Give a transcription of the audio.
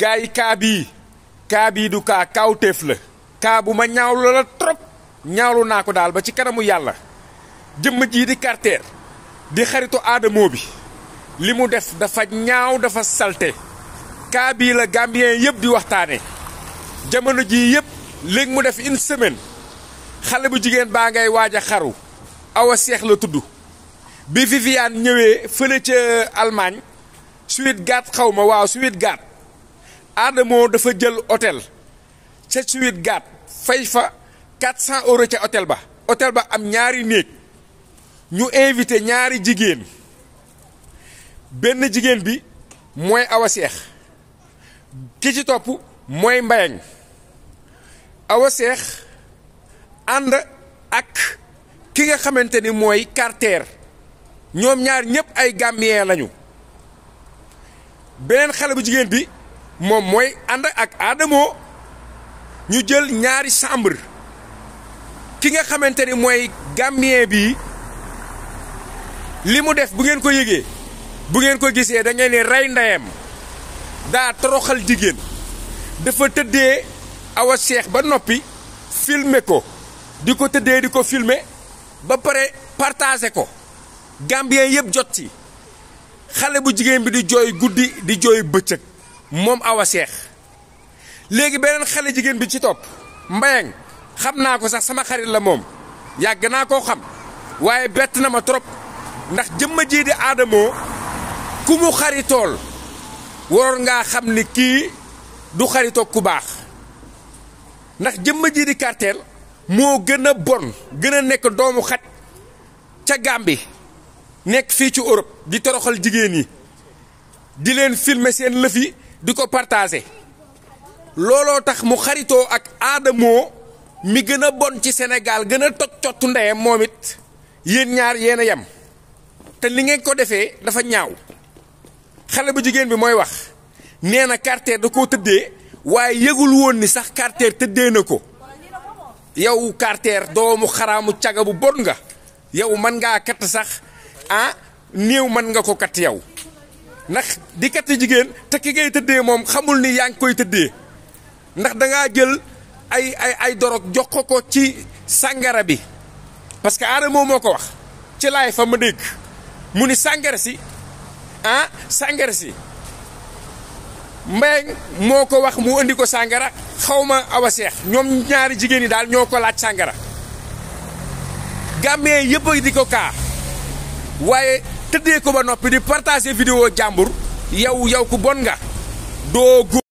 gars yi kaa bii kaa bii du la kaa ma ñaawlu la trop ñaawlu naa ko daal ba ci kanamu yàlla jëmm jii di Carter di xaritu aadamoo bi li mu def dafa ñaaw dafa salte kaa bii la Gambien yëpp di waxtaane jamono jii yëpp léegi mu def une semaine xale bu jigéen baa ngay waaj a xaru awa seex la tudd bi Viviane ñëwee fële ca Allemagne suite gaat xaw ma waaw suite gaat Adamo dafa jël otel ca Suite Gap fay fa 400 euros ca hôtel ba hôtel ba am ñaari néeg ñu invité ñaari jigéen benn jigéen bi mooy Awa ki ci topp mooy Mbayang Awa ànd ak ki nga xamante ni mooy Carter ñoom ñaar ñëpp ay Gambien lañu beneen xale bu jigéen bi moom mooy ànd ak aadamoo ñu jël ñaari chambre ki nga xamante ni mooy gambien bii li mu def bu ngeen ko yëgee bu ngeen ko gisee da ngeen ne rey ndeyam daa toroxal jigéen dafa tëddee awa seex ba noppi filmer ko di ko tëddee di ko filmer ba pare partager ko gambien yëpp jot ci xale bu jigéen bi di jooy guddi di jooy bëccëg moom awa seex léegi beneen xale jigéen bi ci topp mbayang xam naa ko sax sama xarit la moom yàgg naa koo xam waaye bett na ma trop ndax jëmma jii di aadamoo ku mu xaritool waroon ngaa xam ni kii du xaritoog ku baax ndax jëmma jii di cartel moo gën a bon gën a nekk doomu xat ca Gàmbi nekk fii ci Europe di toroxal jigéen yi di leen filmer seen lëf yi di ko partagé looloo tax mu xaritoo ak aadamoo mi gën a bon ci Sénégal gën a toj cottu ndeyam moom it yéen ñaar yéen a yem te li ngeen ko defee dafa ñaaw xale bu jigéen bi mooy wax nee na quartier da koo tëddee waaye yëgul woon ni sax quartier tëddee na ko yow quartier doomu xaraamu caga bu bon nga yow mën ngaa katt sax ah néew mën nga ko katt yow ndax di kat jigéen te ki ngay tëddee moom xamul ni yaa ngi koy tëddee ndax dangaa jël ay ay ay dorog jox ko ko ci sàngara bi parce que Adamo moo ko wax ci laay fa ma dégg mu ni sàngara si ah sàngara si Mbengue moo ko wax mu indi ko sàngara xaw ma aw a seex ñoom ñaari jigéen ñi daal ñoo ko laaj sàngara gàmmee yëpp di ko kaa waaye tëddee ko ba noppi di partager vidéo jàmbur yow yow ku bon nga doo